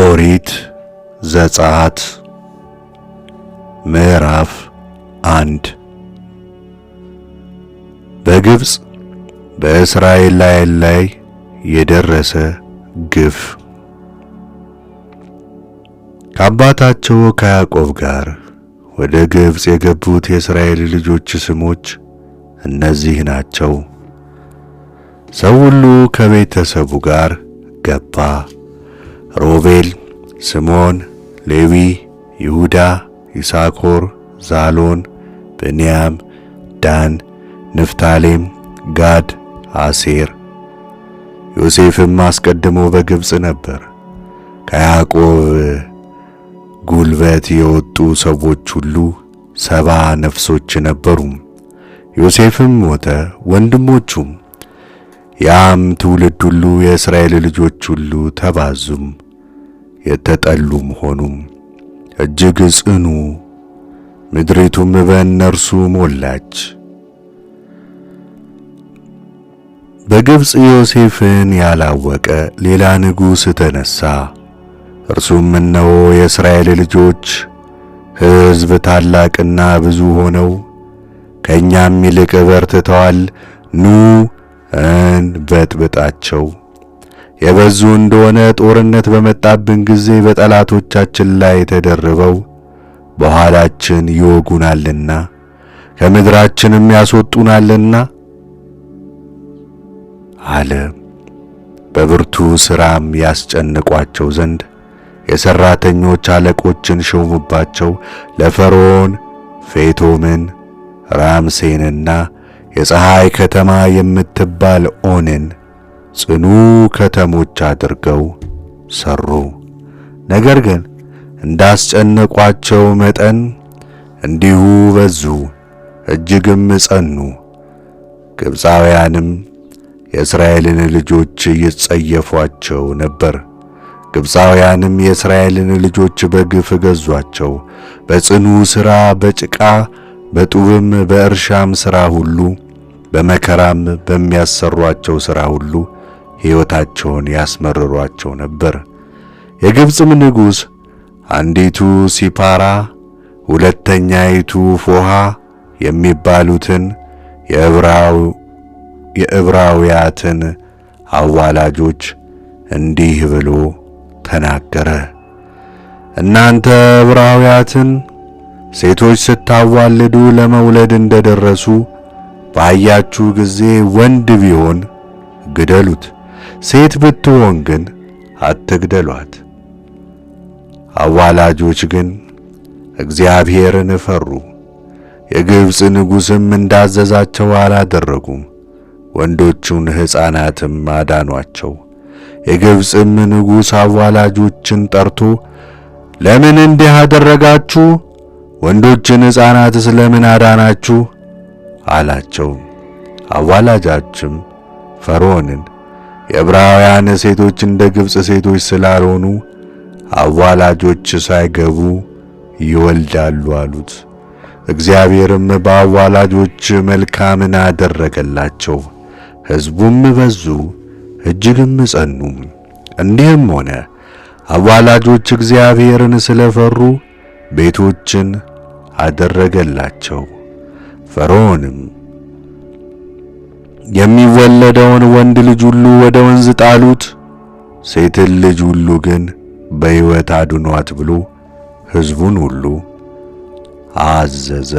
ኦሪት ዘጸአት ምዕራፍ አንድ በግብፅ በእስራኤል ላይ ላይ የደረሰ ግፍ ከአባታቸው ከያዕቆብ ጋር ወደ ግብፅ የገቡት የእስራኤል ልጆች ስሞች እነዚህ ናቸው። ሰው ሁሉ ከቤተሰቡ ጋር ገባ። ሮቤል፣ ስምዖን፣ ሌዊ፣ ይሁዳ፣ ይሳኮር፣ ዛሎን፣ ብንያም፣ ዳን፣ ንፍታሌም፣ ጋድ፣ አሴር። ዮሴፍም አስቀድሞ በግብፅ ነበር። ከያዕቆብ ጉልበት የወጡ ሰዎች ሁሉ ሰባ ነፍሶች ነበሩ። ዮሴፍም ሞተ፣ ወንድሞቹም ያም ትውልድ ሁሉ የእስራኤል ልጆች ሁሉ ተባዙም የተጠሉም ሆኑም እጅግ ጽኑ፣ ምድሪቱም በእነርሱ ሞላች። በግብፅ ዮሴፍን ያላወቀ ሌላ ንጉሥ ተነሣ። እርሱም እነሆ የእስራኤል ልጆች ሕዝብ ታላቅና ብዙ ሆነው ከእኛም ይልቅ በርትተዋል፣ ኑ ቀን በጥብጣቸው የበዙ እንደሆነ ጦርነት በመጣብን ጊዜ በጠላቶቻችን ላይ ተደርበው በኋላችን ይወጉናልና ከምድራችንም ያስወጡናልና አለ። በብርቱ ሥራም ያስጨንቋቸው ዘንድ የሠራተኞች አለቆችን ሾሙባቸው። ለፈርዖን ፌቶምን፣ ራምሴንና የፀሐይ ከተማ የምትባል ኦንን ጽኑ ከተሞች አድርገው ሰሩ። ነገር ግን እንዳስጨነቋቸው መጠን እንዲሁ በዙ፣ እጅግም ጸኑ። ግብፃውያንም የእስራኤልን ልጆች ይጸየፏቸው ነበር። ግብፃውያንም የእስራኤልን ልጆች በግፍ ገዟቸው፣ በጽኑ ሥራ በጭቃ በጡብም በእርሻም ሥራ ሁሉ በመከራም በሚያሰሯቸው ሥራ ሁሉ ሕይወታቸውን ያስመርሯቸው ነበር። የግብፅም ንጉሥ አንዲቱ ሲፓራ ሁለተኛይቱ ፎሃ የሚባሉትን የዕብራውያትን አዋላጆች እንዲህ ብሎ ተናገረ። እናንተ ዕብራውያትን ሴቶች ስታዋልዱ ለመውለድ እንደደረሱ ባያችሁ ጊዜ ወንድ ቢሆን ግደሉት፣ ሴት ብትሆን ግን አትግደሏት። አዋላጆች ግን እግዚአብሔርን ፈሩ፣ የግብፅ ንጉሥም እንዳዘዛቸው አላደረጉም። ወንዶቹን ሕፃናትም አዳኗቸው። የግብፅም ንጉሥ አዋላጆችን ጠርቶ ለምን እንዲህ አደረጋችሁ? ወንዶችን ሕፃናት ስለምን አዳናችሁ አላቸው። አዋላጃችም ፈርዖንን የዕብራውያን ሴቶች እንደ ግብፅ ሴቶች ስላልሆኑ አዋላጆች ሳይገቡ ይወልዳሉ አሉት። እግዚአብሔርም በአዋላጆች መልካምን አደረገላቸው። ሕዝቡም በዙ፣ እጅግም ጸኑ። እንዲህም ሆነ አዋላጆች እግዚአብሔርን ስለፈሩ ቤቶችን አደረገላቸው። ፈርዖንም የሚወለደውን ወንድ ልጅ ሁሉ ወደ ወንዝ ጣሉት፣ ሴትን ልጅ ሁሉ ግን በሕይወት አድኗት ብሎ ሕዝቡን ሁሉ አዘዘ።